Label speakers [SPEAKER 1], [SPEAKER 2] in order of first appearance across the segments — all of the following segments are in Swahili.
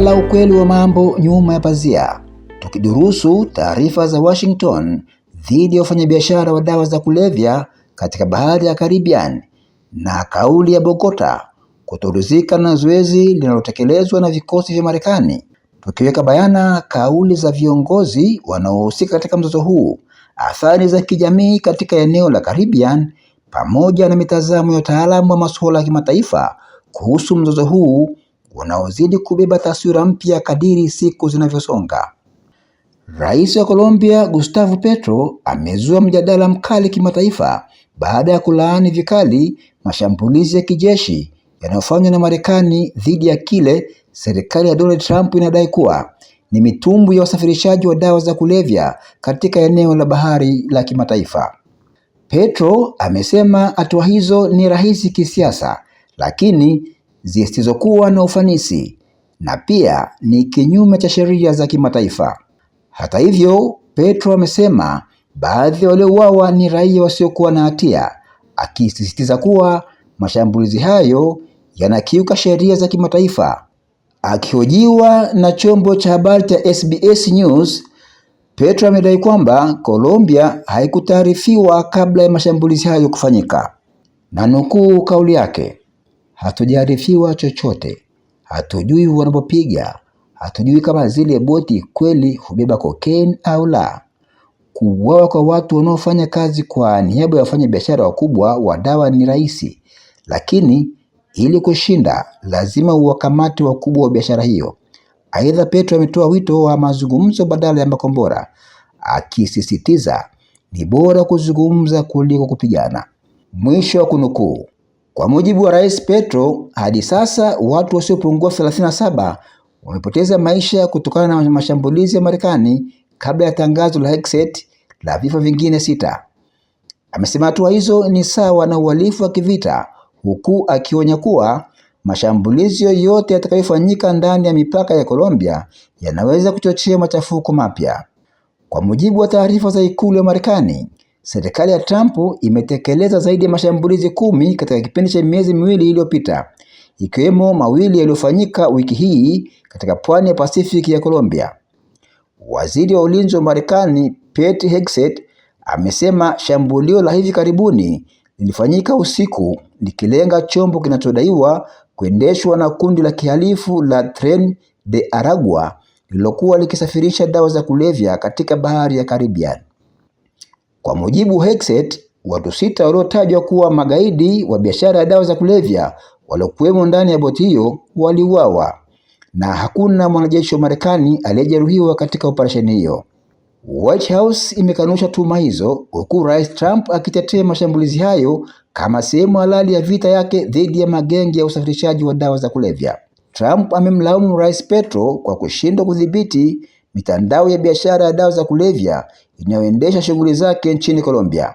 [SPEAKER 1] la ukweli wa mambo nyuma ya pazia, tukidurusu taarifa za Washington dhidi ya wafanyabiashara wa dawa za kulevya katika bahari ya Caribbean na kauli ya Bogota kutoruzika na zoezi linalotekelezwa na vikosi vya Marekani, tukiweka bayana kauli za viongozi wanaohusika katika mzozo huu, athari za kijamii katika eneo la Caribbean, pamoja na mitazamo ya wataalamu wa masuala ya kimataifa kuhusu mzozo huu unaozidi kubeba taswira mpya kadiri siku zinavyosonga. Rais wa Colombia Gustavo Petro amezua mjadala mkali kimataifa baada ya kulaani vikali mashambulizi ya kijeshi yanayofanywa na Marekani dhidi ya kile serikali ya Donald Trump inadai kuwa ni mitumbu ya wasafirishaji wa dawa za kulevya katika eneo la bahari la kimataifa. Petro amesema hatua hizo ni rahisi kisiasa, lakini zisizokuwa na ufanisi na pia ni kinyume cha sheria za kimataifa. Hata hivyo, Petro amesema baadhi ya waliouawa ni raia wasiokuwa na hatia, akisisitiza kuwa mashambulizi hayo yanakiuka sheria za kimataifa. Akihojiwa na chombo cha habari cha SBS News, Petro amedai kwamba Colombia haikutaarifiwa kabla ya mashambulizi hayo kufanyika, na nukuu kauli yake hatujaarifiwa chochote, hatujui wanapopiga, hatujui kama zile boti kweli hubeba cocaine au la. Kuuawa kwa watu wanaofanya kazi kwa niaba ya wafanya biashara wakubwa wa dawa ni rahisi, lakini ili kushinda lazima uwakamate wakubwa wa biashara hiyo. Aidha, Petro ametoa wito wa mazungumzo badala ya makombora, akisisitiza ni bora kuzungumza kuliko kupigana. Mwisho wa kunukuu. Kwa mujibu wa Rais Petro, hadi sasa watu wasiopungua 37 wamepoteza maisha kutokana na mashambulizi ya Marekani kabla ya tangazo la Hexet la vifo vingine sita. Amesema hatua hizo ni sawa na uhalifu wa kivita, huku akionya kuwa mashambulizi yoyote yatakayofanyika ndani ya mipaka ya Colombia yanaweza kuchochea machafuko mapya. Kwa mujibu wa taarifa za ikulu ya Marekani, Serikali ya Trump imetekeleza zaidi ya mashambulizi kumi katika kipindi cha miezi miwili iliyopita, ikiwemo mawili yaliyofanyika wiki hii katika pwani ya Pacific ya Colombia. Waziri wa Ulinzi wa Marekani, Pete Hegseth, amesema shambulio la hivi karibuni lilifanyika usiku likilenga chombo kinachodaiwa kuendeshwa na kundi la kihalifu la Tren de Aragua lililokuwa likisafirisha dawa za kulevya katika bahari ya Caribbean. Kwa mujibu wa Hexet, watu sita waliotajwa kuwa magaidi wa biashara ya dawa za kulevya waliokuwemo ndani ya boti hiyo waliuawa na hakuna mwanajeshi wa Marekani aliyejeruhiwa katika operesheni hiyo. White House imekanusha tuhuma hizo, huku Rais Trump akitetea mashambulizi hayo kama sehemu halali ya vita yake dhidi ya magenge ya usafirishaji wa dawa za kulevya. Trump amemlaumu Rais Petro kwa kushindwa kudhibiti mitandao ya biashara ya dawa za kulevya inayoendesha shughuli zake nchini Colombia.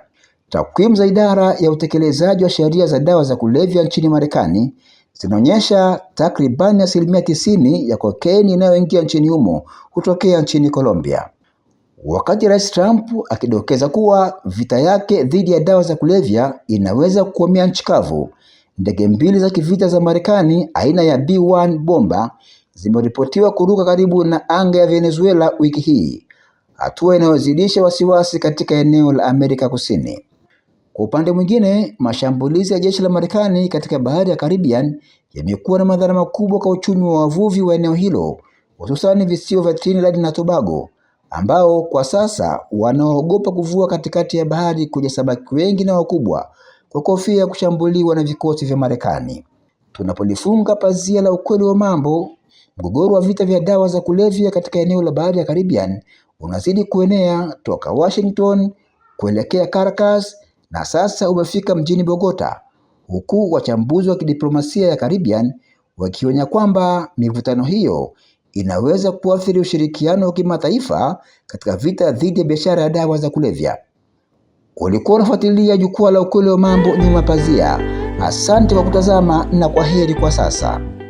[SPEAKER 1] Takwimu za idara ya utekelezaji wa sheria za dawa za kulevya nchini Marekani zinaonyesha takribani asilimia tisini ya kokeni inayoingia nchini humo hutokea nchini Colombia. Wakati Rais Trump akidokeza kuwa vita yake dhidi ya dawa za kulevya inaweza kukomea nchi kavu, ndege mbili za kivita za Marekani aina ya B-1 bomba zimeripotiwa kuruka karibu na anga ya Venezuela wiki hii, hatua inayozidisha wasiwasi katika eneo la Amerika Kusini. Kwa upande mwingine, mashambulizi ya jeshi la Marekani katika bahari ya Caribbean yamekuwa na madhara makubwa kwa uchumi wa wavuvi wa eneo hilo, hususani visiwa vya Trinidad na Tobago ambao kwa sasa wanaogopa kuvua katikati ya bahari kuja samaki wengi na wakubwa kwa kofia ya kushambuliwa na vikosi vya Marekani. Tunapolifunga pazia la ukweli wa mambo, Mgogoro wa vita vya dawa za kulevya katika eneo la bahari ya Caribbean unazidi kuenea toka Washington kuelekea Caracas na sasa umefika mjini Bogota, huku wachambuzi wa kidiplomasia ya Caribbean wakionya kwamba mivutano hiyo inaweza kuathiri ushirikiano wa kimataifa katika vita dhidi ya biashara ya dawa za kulevya. Ulikuwa unafuatilia Jukwaa la Ukweli wa Mambo Nyuma Pazia. Asante kwa kutazama na kwaheri kwa sasa.